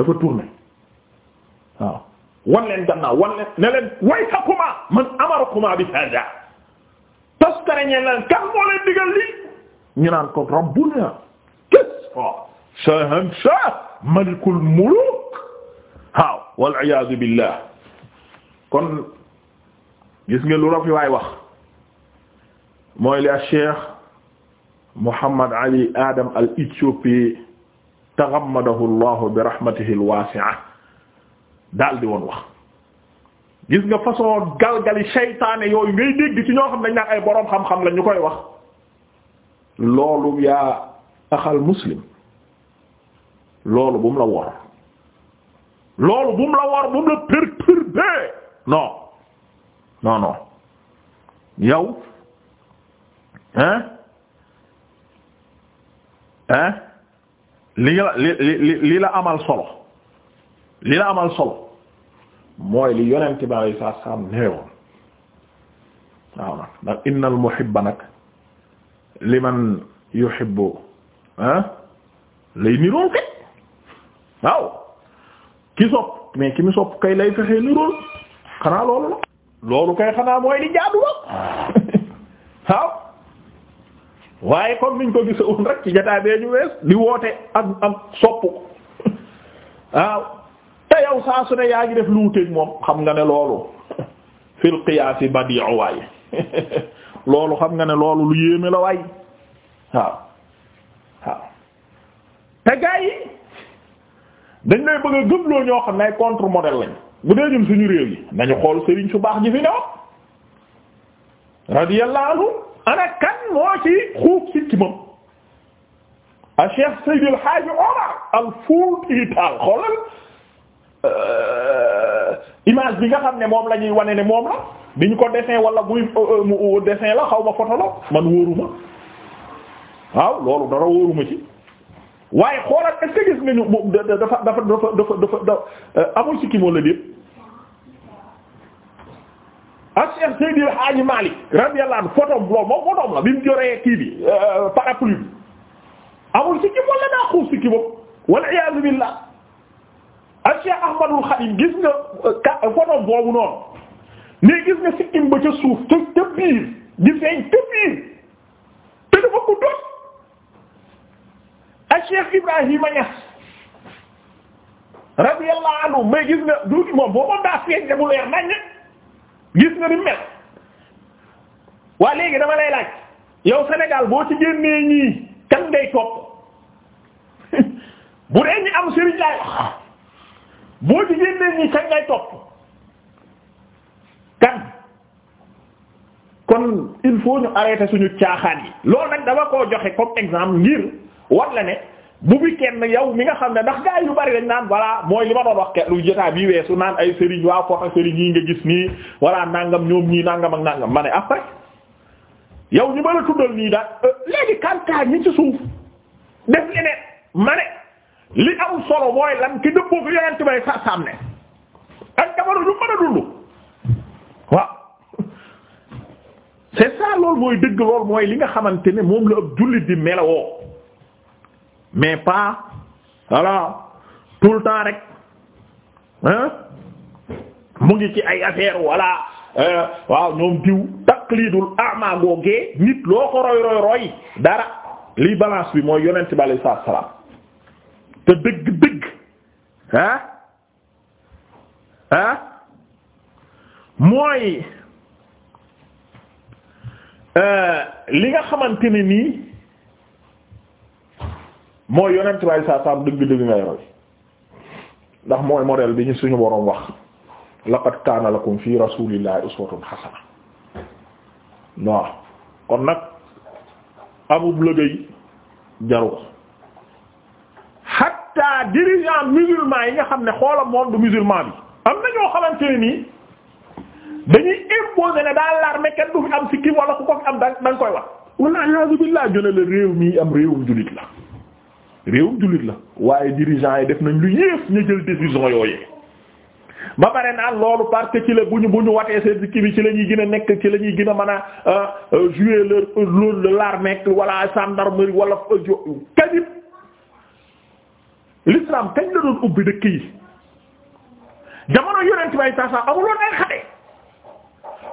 dafa tourné waaw wan leen gannaaw wan ne leen waytakuma man amarakuma bi hada toskare ñeen leen kan leen digal lii ñu naan ko rabbuna kisra shahanshah malikul muluk waaw wal iyaazu billah kon gis nga lu rafi waay wax mooy a cheikh Muhammad Ali Adam al Éthiopie taghammadahu Allahu bi rahmatihi al daal di woon wax gis nga façon galgali seytaane yooyu ngay dégg ci ñoo xam dañ naan ay boroom xam-xam la ñu koy wax loolu yaa axal muslim loolu bu mu la wor bu mu la wor bu mu la perturbé non yow hein hein li nga la amal solo li la amal solo mooy li yonent bi alayhi sa salaam newoon waaw nag ndax innal muhibba nag liman yuhibbu ah lay nirool kay waaw ki sopp mais ki mu sopp kay lay fexee nirool xanaa loolu loolu kay xanaa mooy li jaaduwoon waaw waaye comme niñ ko gisa woon rek ci jotaay bee ñu wees di woote ak am sopp waaw te yow saa su ne yaa ngi def lu wuteeg moom xam nga ne loolu fil qiyaasi badi'u waay loolu xam nga ne loolu lu yéeme la waay waaw waaw te gars yi dañ lay bëgg a ñoo xam ne ay contre modèle lañ bu dee ñun suñu réew yi nañu xool sëriñ su baax ji fi ne woon radiyallahu anhu ana kan moo ci xuuf sikki moom a Cheikh Seydi El Hadji Omar Al Fouti Tall xoolal euh, image bi nga xam ne moom la ñuy wane ne moom la bi ñu ko desin wala muy euh, euh, dessin la xaw ma photo la man wóoruma waaw loolu dara wóoruma ci waaye xoolal est gis nga ñu dafa dafa dafa dafa dafa amul sikki moo la déet Cheikh Seydi El Hadji Malick radiyallahu anhu photom loolu moom photom la bi mu joree kii bi euh, parapluie bi amul sikki wala daa xuuf sikki boobu wal iyaazu billah ak Cheikh Ahmadul Khadim gis nga euh, photom boobu noonu mais gis nga sikkim ba ca suuf ca ca biir di feeñ ca biir te dafa ko doon ak Cheikh Ibrahima Niass radiyallahu anhu mais gis nga duuti moom boo moom daa feeñ de mu leer nañ gis na ni mel waa léegi dama lay laaj yow Sénégal boo ci génnee nii kan ngay topp bu dee ñi am sëriñ laay boo ci génnee ñii kan ngay topp kan kon il faut ñu arrêter suñu caaxaat yi loolu nag dama koo joxe comme exemple ngir war la ne bu bi kenn yow mi nga xam ne ndax gaa yu bari dañ naan voilà mooy li ma doon wax lu jotaay bi weesu naan ay sëriñ waa Fota sëriñ yi nga gis nii voilà nangam ñoom ñii nangam ak nangam ma ne après ah, yow ñu mën a tuddal nii daal euh, léegi kàntaar ñi ci suuf def leneen ma li am solo mooy lan ki dëppoo fi yonent bay sa saam ne ak jamono ñu mën a dund waaw c'est loolu mooy dëgg loolu mooy li nga xamante ne moom la ab jullit di melawoo. mais pas voilà tout le temps rek hein mu ngi ci ay affaire voilà euh, waaw ñoom diw taqlidul a'ma googee nit loo ko roy roy roy dara lii balance bi mooy yonent bi alayhi salaatu salaam te dëgg dëgg ah ah mooy euh, li nga xamante ne nii mooy yonent baay saa saam dëgg-dëgg ngay roy ndax mooy modèle bi suñu boroom wax laqad kaana lakum fi rasulillahi uswatun hasana waaw kon nag amub lëgëy jaru ko hatta dirigeant musulman yi nga xam ne xoolam moom du musulman bi am na ñoo xamante nii dañuy imposer ne daal l'armée kenn du fi am sikkim wala ku ko fi am da nga koy wax walla a'uuzu billaah jone la réew mi am réewum jullit la réewum jullit la waaye dirigeant yi def nañ lu yées ñu jël décision yooyee ba pare naan loolu parce que ci la bu ñu bu ñu watee seen kii bi ci la ñuy gën a nekk ci la ñuy gën a mën a euh, euh, jouer leur rôle l'armée wala gendarmerie wala euh, kañit l'islam kañ la doon ubbi dëkk yi jamono yonent bay saasaam amuloon ay xare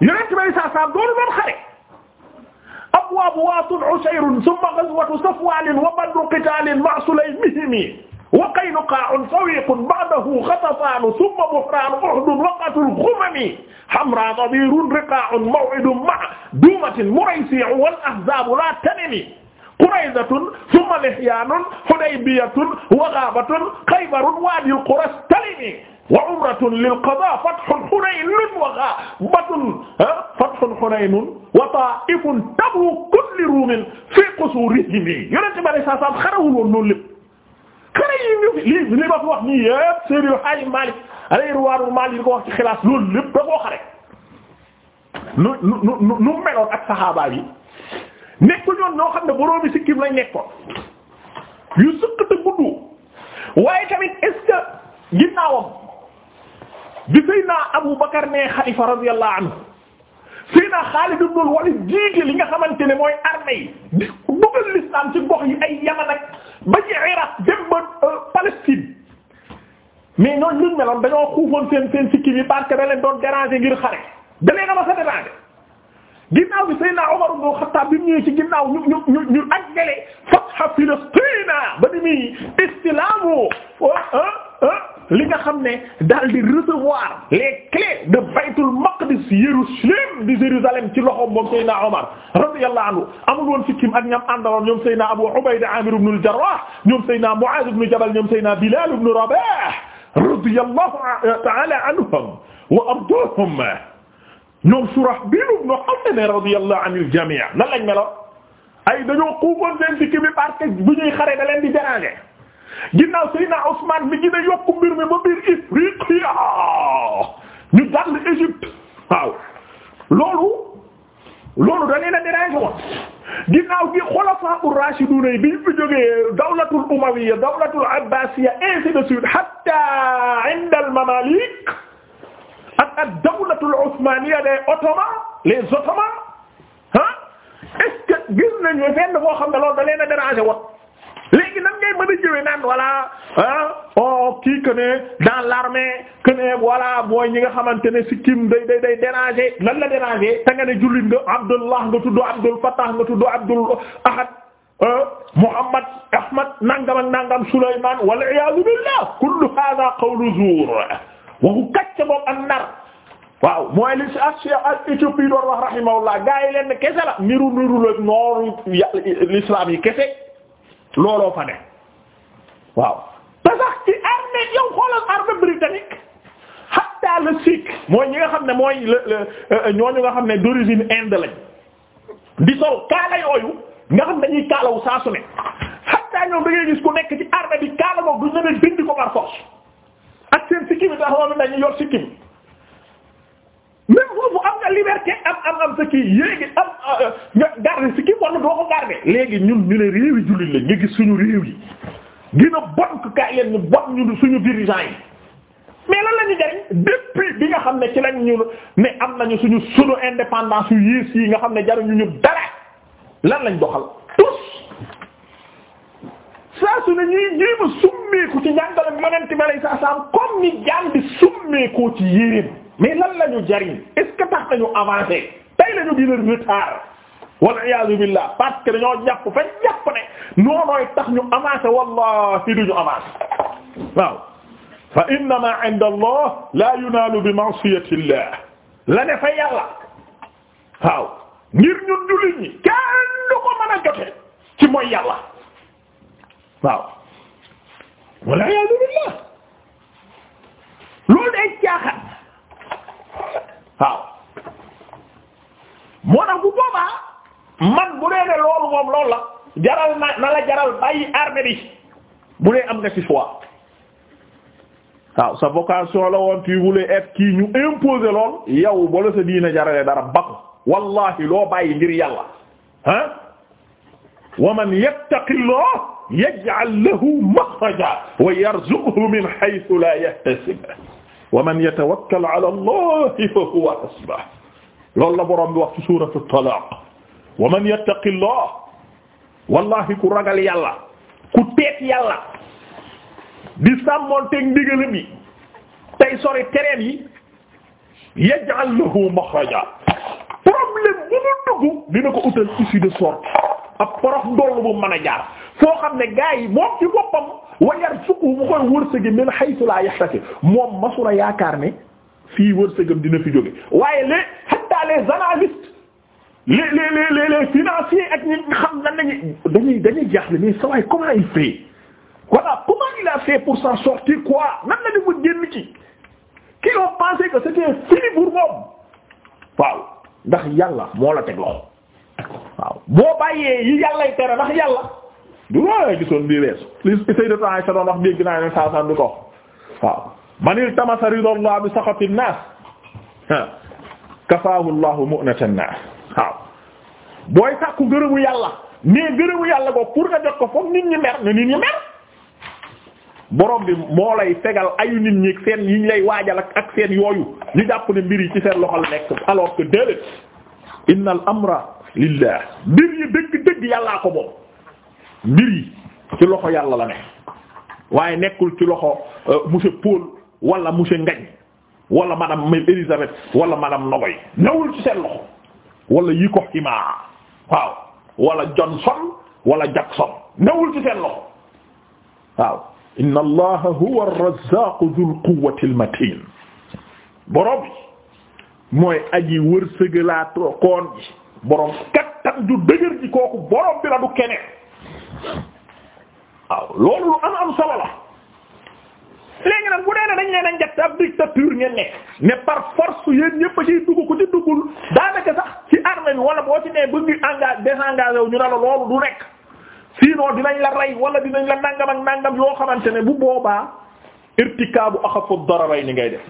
yonent bay saasaam doonu doon xare abwaabu waasun ushayrun summa ghazwatu safwaanin wa badru qitaalin ma'a sulaymihimi wa qaynuqaa'un sawiiqun ba'dahu ghatafaanu summa buhraanu uhdun waqatul ghumami hamraa nadiirun riqaa'un maw'idun ma'a duumatin muraysii'un wal ahzaabu laa tanami qurayzatun summa lihyaanun hudaybiyyatun wa ghaabatun khaybarun waadil quras talimi wa umratun lil qadaa fathun Hunayn wa ghaabatun fathun Hunayn wa taa'ifun tabuukun li ruumin fii qusuurihim yonent bi saa saa xarawul woon noonu lépp xare yi li li ma fi wax nii yëpp Seydi El Hadji Malick alayhi ridwaanul Maalik li ko wax ci xilaas loolu lépp da koo xare nu nu nu nu meloon ak saxaaba yi nekkul ñoon ñoo xam ne boroomi sikkim lañ nekkoon yu sëq te gudd waaye tamit est-ce que ginnaawam. bi Seydina Abu Bakar ne xalifa radiyallahu anhu Seydina Xaalid ibn Walid jiite li nga xamante ne mooy armée yi di dugal l'islam ci gox yi ay Yaman ak ba ci Iraq dem ba euh, Palestine mais ñooñu luñ meloon dañoo xuufoon seen seen sikki bi parce que da leen doon déranger ngir xare da leen a ma sa déranger ginnaaw bi Seydina Umar ibn Xattaab bi mu ñëwee ci ginnaaw ñu ñu ñu ñu àggale fatha Filastina ba ni muy istilamu ah euh, ah. Euh, li nga xam ne daal di recevoir les clés de baytul maqdis Jérusalem di Jérusalem ci loxoom moom Seydina Omar radiyallahu anhu amul woon sikkim ak ñam àndaloon ñoom Seydina Abu Ubayda Amir ibn al-Jarrah ñoom Seydina Muaz ibn Jabal ñoom Seydina Bilal ibn Rabah radiyallahu ta'ala anhum wa ardaahum ñoom Surahbil ibn Hassan radiyallahu anil jami' nan lañ meloon ay dañoo xuufoon seen sikkim da ginnaaw Seydina Ousmane bi gën a yokku mbir mi ba biir Ifriqiya ñu dal Égypte loolu loolu da leen a dérangé woon ginnaaw gi xulafa ur-rashidun bi ñu fi jógee dawlatul umawiyya dawlatul abbasiyya ainsi de suite hatta inda al-mamalik ak ad-dawlatul usmaniyya des ottomans les ottomans ah est-ce que xam ne loolu da leen a dérangé léegi nan ngay mën a jëwee naan voilà ah oh kii que ne dans l'armée que ne mooy ñi nga xamante ne si kim day day day déranger lan la déranger te nga ne jullit nga Abdullah nga tudd Abdul nga tudd Ahad ah, Muhammad Ahmad nangam ak nangam Sulayman wal iyaadu billah kullu hada qawlu zuur waxu kàcce boobu ak nar waaw mooy li as as Éthiopie doon wax rahimahullah gaa yi kese la niru niru la noonu kese. looloo fa ne waaw te sax ci armée yow xoolal armée britannique hatta le sikh mooy ñi nga xam ne mooy euh, ñooñu nga xam ne d'origine inde lañ di sol kaala yooyu nga xam dañuy kaalawu saa su ne hatta ñoom da ngay gis ku nekk ci armée bi kaala moom du ñu ne dindi ko par force ak seen sikki bi tax moom dañuy yor sikki bi sa liberté am am am sa kii yéegi am nga garder si kii wala doo ko garder léegi ñun ñu ne réew yi jullit lañ nga gis suñu réew yi gën bon que leen bon ñu suñu dirigeants yi mais la ñu jariñ depuis bi nga xam ne ci lañ ñu ne am nañu suñu suñu indépendance yu yées yi nga xam ne jariñu ñu dara lan lañ doxal tous saa su ne ñuy jéem summeeku ci njàngale yonent bi alayhi salaam comme ni jaam bi summeekoo ci yéreem mais lan la ñu jariñ est ce que tax nañu avancé tey la ñu gën a retard wal iyaazu billah parce que dañoo jàpp fa jàpp ne noonooy tax ñu avancé wallahi duñu avancé waaw fa innama inda allah la yunaalu bi ma'siyati llah la ne fa yàlla waaw ngir ñun jullit ñi kenn du ko mën a jote ci mooy yàlla waaw wal iyaazu billah loolu day caaxaan waaw moo tax bu boobaa man bu dee ne loolu moom loolu la jaral na na la jaral bàyyi armée bi bu dee am nga ci choix waaw sa vocation la woon tu voulais être kii ñu imposer lool yow ba la sa diina jarale dara bakku wallahi loo bàyyi ngir yàlla ah wa man yattaqillah yaj'al lahu makhraja wa yarzuqhu min haythu la yahtasib wa man yatawakkal ala allahi fa huwa loolu la borom bi wax ci suuratu talaaq wa man yattaqi llah wallahi ku ragal yàlla ku teet yàlla di sàmmoonteeg ndigalam yi tey sori tereen yi yaj'al lahu maxraja problème bu mu dina ko utal issue de sortie ab porox ndoll bu mën a foo xam ne gaa yi moom wa yarzuqhu mu koy wërsëg min haythu la yahtasib moom masula yaakaar ne fii wërsëgam dina fi jóge waaye les hatta les analystes les les les les financiers ak ñi xam nan lañu dañuy dañuy jaaxle mais sa waay comment il fait voilà comment il a fait pour s'en sortir quoi nan la dafa génn ci qui ont pensé que c'était fini pour moom waaw ndax yàlla moo la teg loxo waaw boo bàyyee yi yàllay tere ndax yàlla du loolee gisoon bii weesu li Sayyidatu Aisha doon wax dégg naa ne saa du ko waaw manil tamasa ridallah bi saxatin naas kafaahu llahu mu'natan naas waaw booy sàkku gërëmu yàlla mais gërëmu yàlla ko pour nga jot ko foog nit ñi mer ne nit ñi mer borom bi moo lay fegal ayu nit ñi seen yi ñu lay waajal ak ak seen yooyu ñu jàpp ne mbir yi ci seen loxol nekk alors que déedéet inna al amra mbir yi dëgg dëgg yàllaa ko moom mbir ci loxo yàlla la ne waaye nekkul ci loxo euh, monsieur Paul wala monsieur Ngañ wala madame Mel Elisabeth wala Nogoy newul ci seen loxo wala yi ko waaw wala Johnson wala Jackson newul ci seen loxo waaw inna allaha huwa ar-razzaqu dhul quwwati borom mooy aji wërsëgalaatoo koon borom kattan ju dëgër ji kooku borom bi la du keneen waaw loolu lu am am solo la léegi nag bu dee ne dañ leen a njëkk ab dictature ngeen nekk ne par force yéen ñëpp a ciy dugg ku ci duggul daanaka sax ci armée bi wala boo ci nee bëgg engagé désengagé wu ñu ne la loolu nekk sinon dinañ la rey wala dinañ la nangam ak nangam yoo xamante ne bu boobaa irtikaabu axafu dararay ni ngay def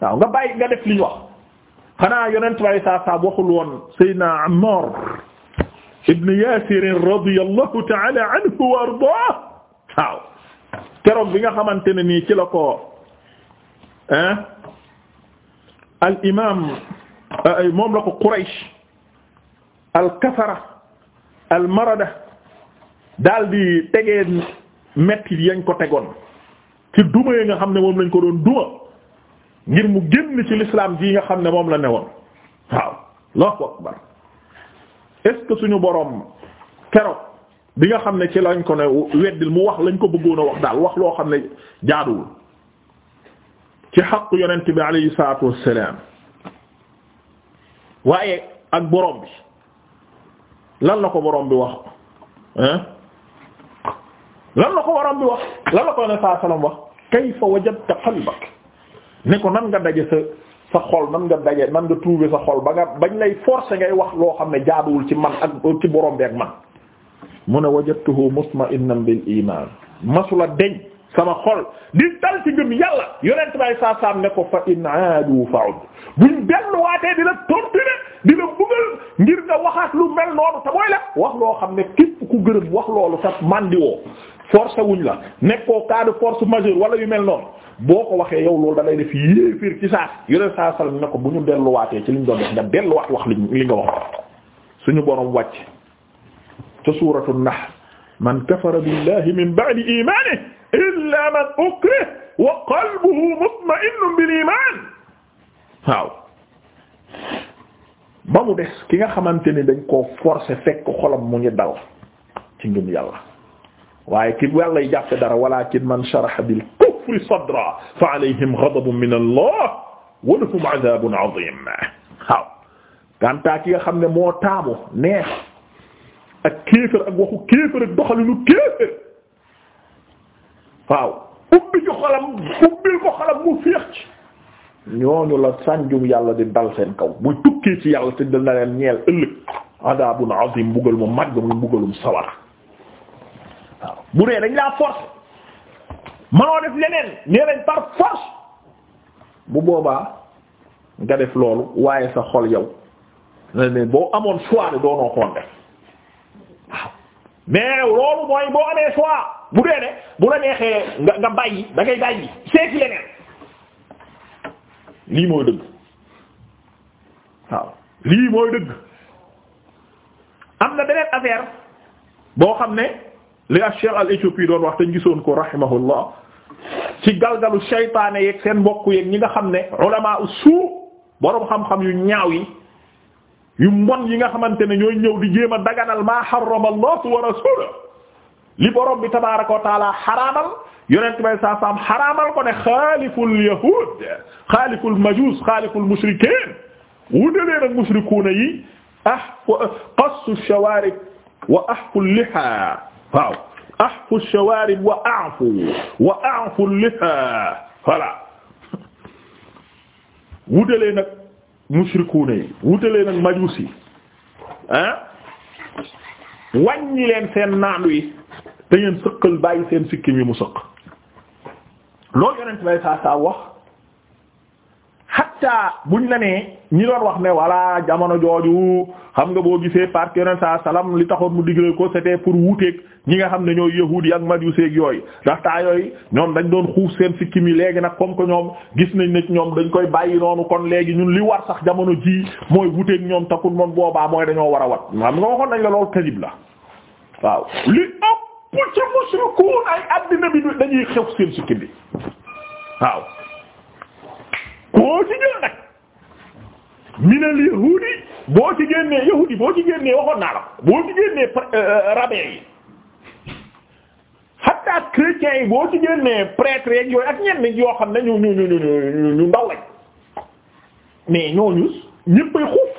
waaw nga bàyyi nga def li wax xanaa yonent bi sallallahu alayhi wasallam waxul woon Seydina Ammar ibn Yaasir radiyallahu ta'ala anhu wa ardaah waaw keroog bi nga xamante ne nii ci la ko ah al imaam euh, moom la ko Quraysh al kafara al marada daal di tegee metti yañ ko tegoon ci duma yi nga xam ne moom lañ ko doon duma ngir mu génn ci lislaam ji nga xam ne moom la newoon waaw Allahu akbar est suñu borom keroog bi nga xam ne ci lañ ko ne weddil mu wax lañ ko bëggoon a wax daal wax loo xam ne jaaduwul ci xaq yonent bi alayhi salaatu wassalaam waaye ak borom bi lan la ko borom bi wax hein lan la ko borom bi wax lan la ko ne saa salaam wax kayfa wajadta qalbak ne ko nan nga daje sa sa xol man nga daje nan nga trouver sa xol ba nga bañ lay forcer ngay wax loo xam ne jaaduwul ci man ak ci borom bi ak man mu ne wajadtuhu mutma'innan bil iman masula deñ sama xol di dal ci gëm yàlla yonent bay saa saam ne ko fa in aadu fa'ud buñ delluwaatee di la torturer di la buggal ngir nga waxaat lu mel noonu te la wax loo xam ne képp ku gërëm wax loolu tat màndiwoo force wuñ la nekkoo cas de force majeure wala yu mel noonu boo ko waxee yow loolu dalay lay def yéeféer ci saas yore saa salam ne bu ñu delluwaatee ci liñ doon def nga delluwaat wax li nga wax suñu boroom wàcc ca suuratu nahl man kafara billahi min ba'di imanihi illa man ukriha wa qalbuhu mutma'innun bil iman waaw ba mu des ki nga xamante ni dañ koo forcer fekk xolam mu ngi dal ci ngëm yàlla waaye ki wàllay jàppe dara walakin man sharaha bil kufri sadra fa alayhim allah wa lahum adhabun nga xam ne moo taamu neex ak kéefër ak waxu kéefër ak doxalinu kéefër waaw ubbi ju xolam ubbil ko xolam mu féex ci ñooñu la sànjum yàlla di dal seen kaw muy tukkee ci yàlla te dina leen ñeel ëllëg adhabun adhim mbugal mu mag mu mbugalum waaw bu dee dañ laa force manoo def leneen nee nañ par force bu boobaa nga def loolu waaye sa xol yow ne ne boo amoon choix de doonoo koon mais loolu mooy boo amee choix bu dee ne bu la neexee nga nga bàyyi da ngay bàyyi seeti leneen lii mooy dëgg waaw lii mooy dëgg am na beneen affaire boo xam ne li ak cheikh al éthiopie doon wax te ñu gisoon ko rahimahullah ci galgalu shaytaane yeeg seen mbokk yeeg ñi nga xam ne ulama suu boroom xam-xam yu ñaaw yi yu mbon yi nga xamante ne ñooy ñëw di jéem a daganal maa harrama Allahu wa rasuluhu li borom bi tabaaraka wa taala xaraamal yonent bay saa saam xaraamal ko ne xaaliful yahuud xaaliful majuus xaaliful mushrikiin wutalee nag mushrikuuna yi ah wa qassu shawaarib wa ahful lihaa waaw ahfu shawarib wa a'fu wa a'fu liha voilà wutalee nag mushrikuuna yi wutalee nag majuus yi ah wàññi leen seen naandu yi te ngeen sëqal bàyyi seen sikkim yi mu sëq loolu a bay saa saa wax hatta buñ la nee ñi doon wax ne voilà jamono jooju xam nga boo gisee parce que yeneen saa salaam li taxoon mu digle ko c'était pour wuuteeg ñi nga xam ne ñoo yahuud yi ak majuuseeg yooyu ndax taa yooyu ñoom dañ doon xuuf seen sikkim yi léegi nag comme que ñoom gis nañ ne ñoom dañ koy bàyyi noonu kon léegi ñun li war sax jamono jii mooy wuuteeg ñoom takul moom boobaa mooy dañoo war a wat xam nga waxoon nañ la loolu kadib la waaw li ëpp ca musrikuun ay addina bi dañuy koo ci jël nag minal yahudi boo ci génnee yahudi boo ci génnee waxoon naa la boo ci génnee euh, euh, rabbin yi hatta chrétiens yi boo ci génnee prêtre yeeg yooyu ak ñenn yoo xam ne ñu ñu ñu ñu ñu ndaw lañ mais ñooñu ñëppay xuuf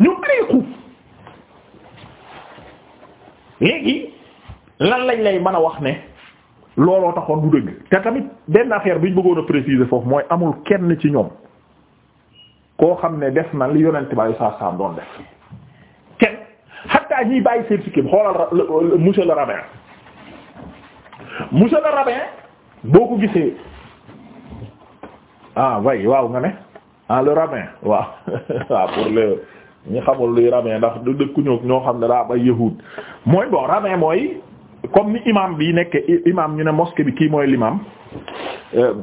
ñu bari xuuf léegi lan lañ lay mën a wax ne. looloo taxoon du dëgg te tamit benn affaire bi ñu bëggoon a préciser foofu mooy amul kenn ci ñoom koo xam ne def na li yonent bàyyi saa doon def kenn xatta ñiy bàyyi certificat bi xoolal monsieur le rabbin monsieur le rabbin boo ko gisee ah way waaw nga ne ah le rabbin waaw waaw pour le ñi xamul luy rabbin ndax du dëkku ñoo ñoo xam ne daa bay yahuud mooy bon rabbin mooy comme ni imam bi nekk imam ñu ne mosquée bi kii mooy l'imam euh,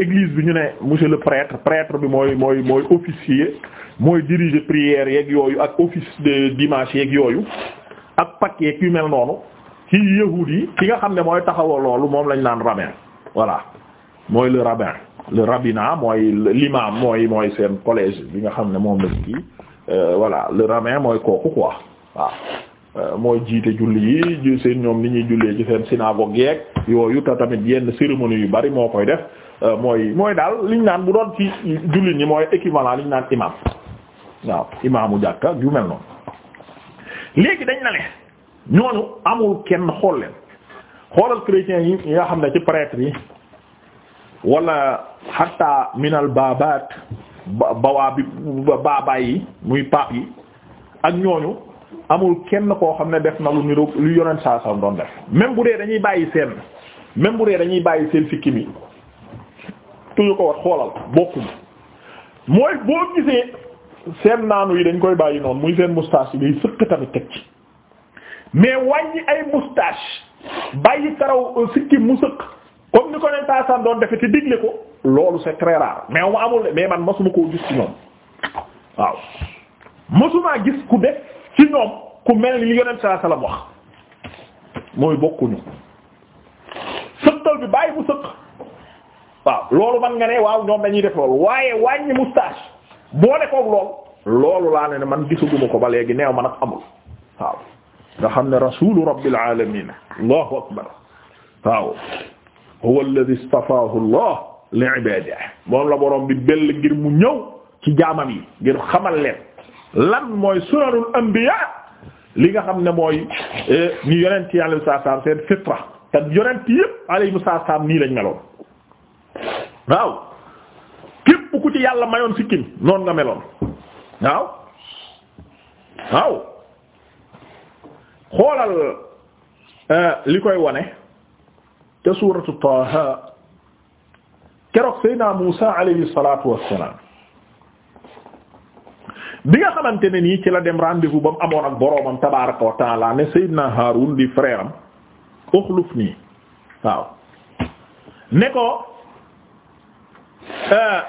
église bi ñu ne monsieur le prêtre prêtre bi mooy mooy mooy officier mooy diriger prière yeeg yooyu ak office de dimanche yeeg yooyu ak pak yeeg mel noonu ci yahuud yi ki nga xam ne mooy taxawoo loolu moom lañ naan rabbin voilà mooy le rabin le rabina mooy l'imam mooy mooy seen collège bi nga xam ne moom la kii wala euh, le rabin mooy kooku quoi Euh, mooy jiite julli yi seen ñoom ni ñuy jullee ci seen synagogue yeeg yooyu te tamit yenn cérémonie yu bari moo koy def euh, mooy mooy daal liñ naan bu doon ci julli ñi mooy équivalent liñ naan imam waaw imaamu jàkka yu mel noonu léegi dañ na ne ñooñu amul kenn xool leen xoolal chrétiens yi nga xam ne ci prêtre yi wala hatta minal babat bawaa baabaay yi muy pape yi ak ñooñu amul kenn koo xam ne def na lu niru lu yonent saa sam doon def même bu dee dañuy bàyyi seen même bu dee dañuy bàyyi seen fikki mi tuñu ko wat xoolal bokkuñu mooy boo gisee seen naanu yi dañ koy bàyyi noonu muy seen moustache yi day sëkk tamit teg ci mais wàññi ay moustache bàyyi karaw sikki euh, mu sëkk comme ni ko neen taasaan doon defe te digle ko loolu c'est très rare mais mu amul mais man masuma koo gis ci ñoom waaw masumaa gis ku def ci ñoom ku mel ni li yonent sallallahu wax mooy bokkuñu sëqal bi bàyyi bu sëq loolu man nga ne ñoom dañuy def loolu waaye wàññi moustache boole koog loolu laale ne ne man gisaguma ko ba léegi neew man ak amul waaw nga xam ne rasulu rabbil alamin allahu akbar waaw allah li ibadihi moom la borom bi bell ngir mu ñëw ci jaamam yi ngir xamal leen lan mooy sunanul anbiya li nga xam ne mooy eh, ni yonent yi alayhi salaam seen fitra te yonent yëpp alayhi salaam nii lañ meloon waaw képp ku ci yàlla mayoon sikkim noonu nga meloon waaw waaw xoolal eh, li koy wane te suuratu Taaha keroog Seydina Muusaa alayhi salaatu wassalaam bi nga xamante ne nii ci la dem rendez ba mu amoon ak boroomam tabaaraka wa taala ne Seydina Haarun di frère uxluf nii waaw ne ko euh,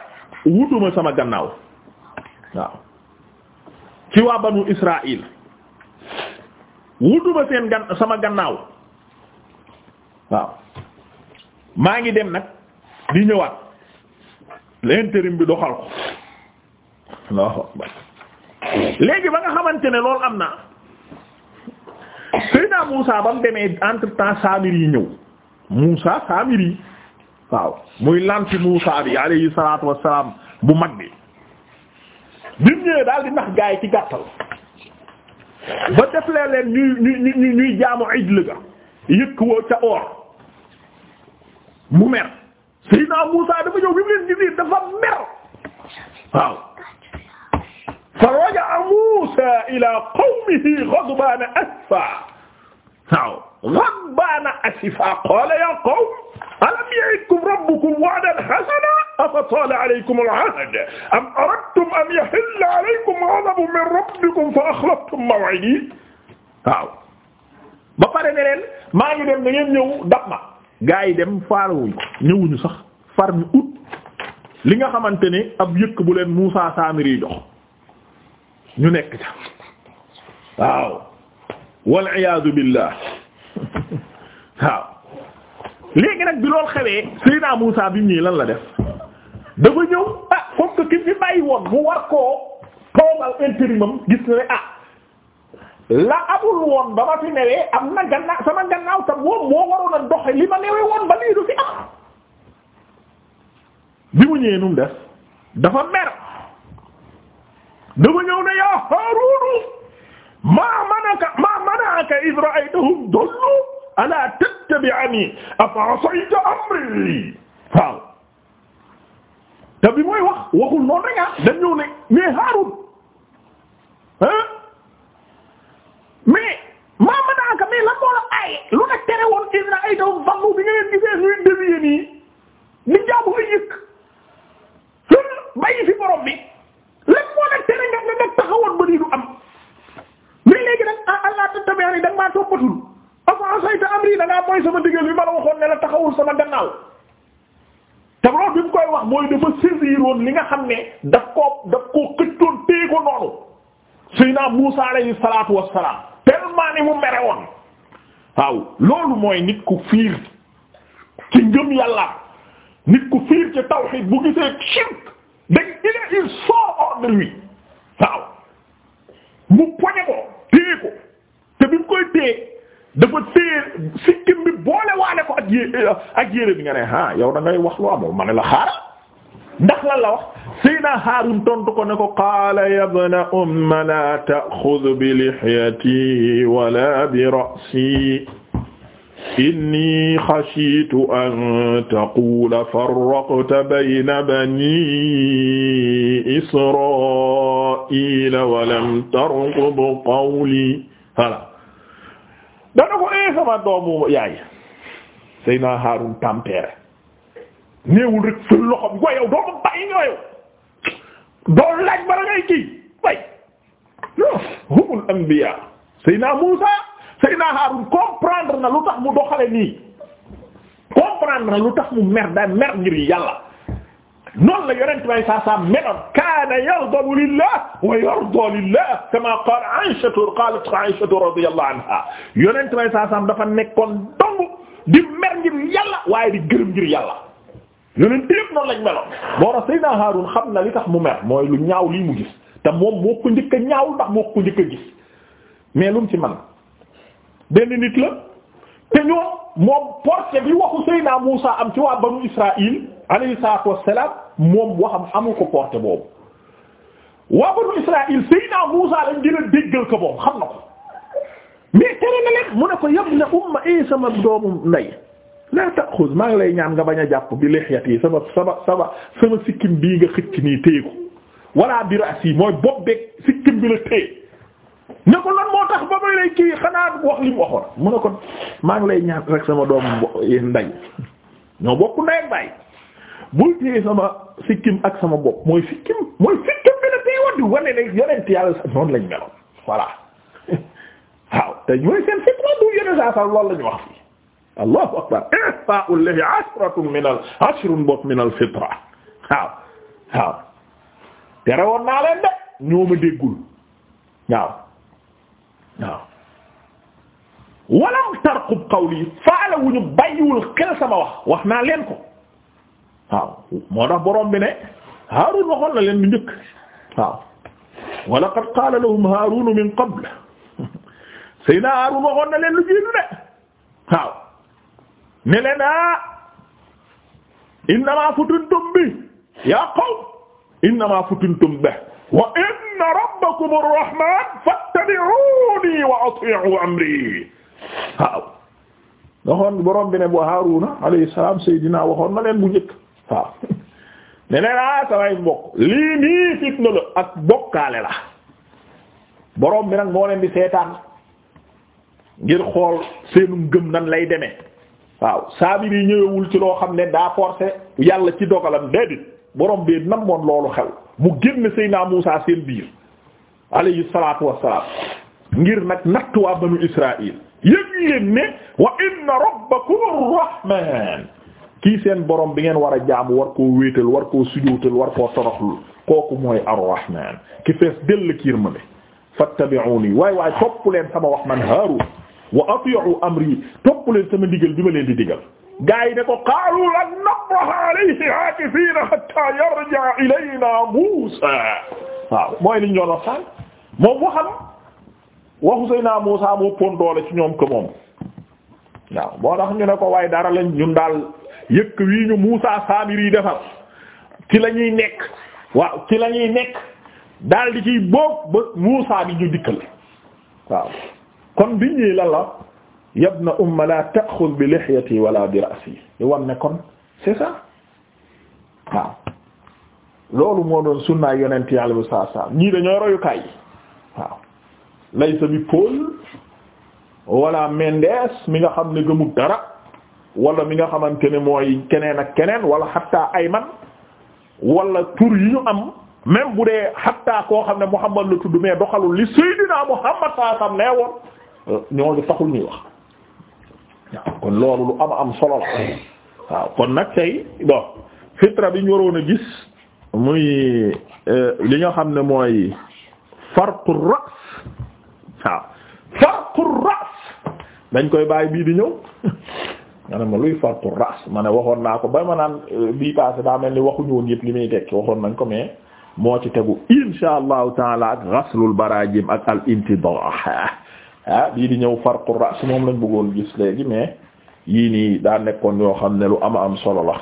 wutuma sama gannaaw waaw ci waa banu wutuma seen sama gannaaw waaw maa ngi dem nag di ñëwaat l'intérim bi doxal ko léegi ba nga xamante ne loolu am na Seydina Muusa ba mu demee entre temps Saamir yi ñëw Muusa Saamir yi waaw muy lanti Muusa bi alayhi salaatu wassalaam bu mag bi bi mu ñëwee daal di nax gaay ci gàttal ba def leen ñuy ñuy ñuy jaamu ijl ga yëkk woo ca or mu mer Seydina Muusa dafa ñëw bi mu leen gisee dafa mer waaw fa raja'a Muusaa ilaa qawmihi ghadbaana asifaa waaw ghadbaana asifaa qaala yaa qawm alam ya'idkum rabbukum wa'dan hasanan afataala alaykum al-'ahd am aradtum an yahilla alaykum ghadabun min rabbikum fa akhlaftum maw'idi waaw ba pare ne leen maa ngi dem da ngeen ñëw dab ma gaa yi dem faarawuñ ko ñëwuñu sax far ñu ut li nga xamante ne ab yëkk bu leen Muusaa Saamiri jox ñu nekk ca waaw wal iyaadu billah waaw léegi nag bi lool xewee Seydina Muusaa bi ñii lan la def dafa ñëw ah comme que ki fi bàyyi woon mu war koo toogal intérimam gis na ne ah la amul woon ba ma fi newee am na gannaaw sama gannaaw tam moom moo waroon a doxe li ma newee woon ba lii du fi am bi mu ñëwee nu def dafa mer dama ñëw ne yaa Haaruunu maa manaka maa manaka iz ra'aytahum dallu alaa tattabi'anii afa asayta amrii waaw te bi mooy wax waxul noonu rek ah dañ ñëw ne mais Haaruun ah mais maa manaka mais lan moo la aaye lu la tere woon iz ra'aytahum dallu bi nga leen gisee ñuy dévier nii ni jaabu nga yëkk bayyi fi borom bi. lan moo nag tere nga nga taxawoon ba nii am mais léegi nag ah allah te tamit yi da nga maa toppatul avant saytu amri da ngaa mooy sama digal bi ma la waxoon ne la taxawul sama gannaaw te loolu bi mu koy wax mooy dafa saisir woon li nga xam ne daf koo daf koo këccoon téye ko noonu Seydina Muusaa alayhi salaatu wassalaam tellement ni mu mere woon loolu mooy nit ku fiir ci ngëm yàlla nit ku fiir ci tawhid bu gisee shirk dañ il il sort hors de lui waaw mu poñe ko téye te bi koy téye dafa téye sikkim bi boole waale ko ak yé ak yére bi ah, yow da ngay wax lu amul ma ne ndax lan wax Seydina Haarun tontu ko ne ko qaala ya ibna umma la ta'khudh bi wala bi inni xashiitu an taquula farraqta bayna bani israa'iila wa lam tarqub qawli voilà dana ko ee eh, sama doomu yaay Seydina Haarun tempéré néewul rek fël loxom wayow doomu bàyyi nga wayow doon laaj bara ngay kii way humul anbiyaa Seydina Muusaa Seydina Haarun comprendre na lu tax mu doxale nii comprendre na lu tax mu mer da mer ngir yàlla noonu la yonent bay saa saa meloon kaana yardabu lillah wa yarda lillah kama qaala Aïsha qaalat Aïsha radiyallahu anha yonent bay saa saa dafa nekkoon dong di mer ngir yàlla waaye di gërëm ngir yàlla yonent yépp noonu lañ meloon moo tax Seydina xam na li tax mu mer mooy lu ñaaw lii mu gis te moom moo njëkk a ñaaw ndax moo ko njëkk a gis mais lu ci man benn nit la te ñoo moom porte bi waxu Seydina Muusa am ci waa banu Israël alayhi salaatu wassalaam moom waxam amul ko porte boobu waa banu Israël Seydina Muusa lañ gën déggal ko moom xam na ko mais tere na leen mu ne ko yabna umma i eh sama doomu ndey la taxuz maa ngi lay ñaan nga bañ a jàpp bi lihyati yi sama sama sama sikkim bii nga xëcc nii téye ko wala bi ra'si mooy bopp beeg bi la téye ne ko lan moo tax ba may lay kii xanaa wax li mu waxoon mu ne ko maa ngi lay ñaan rek sama doom nday ñoo bokk ndey ak bul téye sama sikkim ak sama bopp mooy sikkim mooy sikkim bi la téye woon di wane ne yonent yàlla sax noonu lañ meloon voilà waaw te ñooy seen sikkim bu yonent saa sax loolu la wax fii allahu akbar ihfa'u llahi ashratun min al bopp min al waaw waaw tere naa leen de ñoo ma déggul waaw waaw walam tarqub qawli faala wu ñu bàyyiwul xel sama wax wax naa leen ko waaw moo tax borom bi ne Haarun waxoon na leen lu njëkk waaw wa laqad qaala lahum Haarun min qabl Seydina Haarun waxoon na leen lu jiitu de waaw ne leen ah innamaa futintum bi yaa qawm innamaa futintum bi wa inna rabbakum ar-rahman wa ati'u amri waaw doxoon borom bi ne bu Haaruna alayhi salaam Seydina waxoon na leen bu njëkk waaw ne leen ah, samay mbokk lii nii fitna la ak bokkaale la borom bi nag moo leen di seetaan ngir xool seenum gëm nan lay demee waaw saabir yi ñëwewul ci loo xam ne daa forcé yàlla ci dogalam déedéet borom bi namoon loolu xew mu génn Seydina Muusa seen biir alayhi salaatu wassalaam ngir nag natt waa banu Israël yëg leen ne wa inna rabbakum ar-rahmaan kii seen borom bi ngeen war a jaamu war ko wéetal war koo sujjóotal war ko toroxlu kooku mooy ar-rahmaan ki fees dell kiir ma ne fattabi'uuni waay waay topp leen sama wax man Haaruun wa atii'u amri topp leen sama ndigal bi ma leen di digal gaa yi ne ko qaalu lan nabraha alayhi aakifiina hattaa yarji'a ilaynaa Muusaa waaw mooy liñ doon wax moom waxal waxu Seydina Muusaa moo pon ci ñoom que moom waaw boo tax ñu ne ko waaye dara lañ ñun daal yëkk wii ñu Muusaa Saamiri defal ci la ñuy nekk waaw ci lañuy ñuy nekk daal di ciy boob ba Muusaa bi ñu dikkal waaw kon biñ ñii lan la. yabna umma la ta'khudh bi lihyati wala bi ra'si yi wan ne c'est ça waaw loolu moo doon sunnaa yonent yàlla bu saa saa ñii dañoo royukaay yi waaw laysa bi Paul wala Mendes mi nga xam ne gëmul dara wala mi nga xamante ne mooy keneen ak keneen wala xatta Ayman wala tur yi ñu am même bu dee xatta koo xam ne Muhammad la tudd mais doxalul li Seydina Muhammad saa sam nee woon ñoo taxul ñuy wax kon loolu lu am am solo la waaw kon nag tey bon fitra bi waroon a gis muy euh, li nga xam ne mooy farqu ras waaw farqu ras dañ koy bàyyi bii di ñëw nga ne ma luy farqu ras ma ne waxoon naa ko ba ma naan euh, bii passé daa mel ni waxuñu woon yit li muy tekki waxoon nañ ko mais moo ci tegu insha allahu taala ak ghaslul barajim ak al intidah ah, bii di ñëw farqu ras moom lañ bëggoon gis léegi mais yii nii daa nekkoon yoo xam ne lu ama am solo la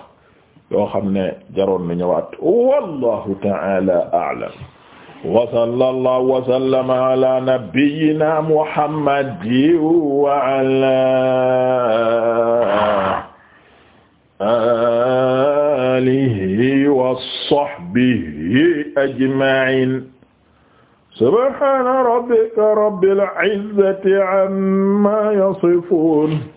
yoo xam ne jaroon na ñëwaat wallahu ta'ala a'lam wa sallallahu wa sallama ala nabiyyina muhammadin wa ala alihi wa sahbihi ajma'in subhana rabbika rabbil izzati amma yasifun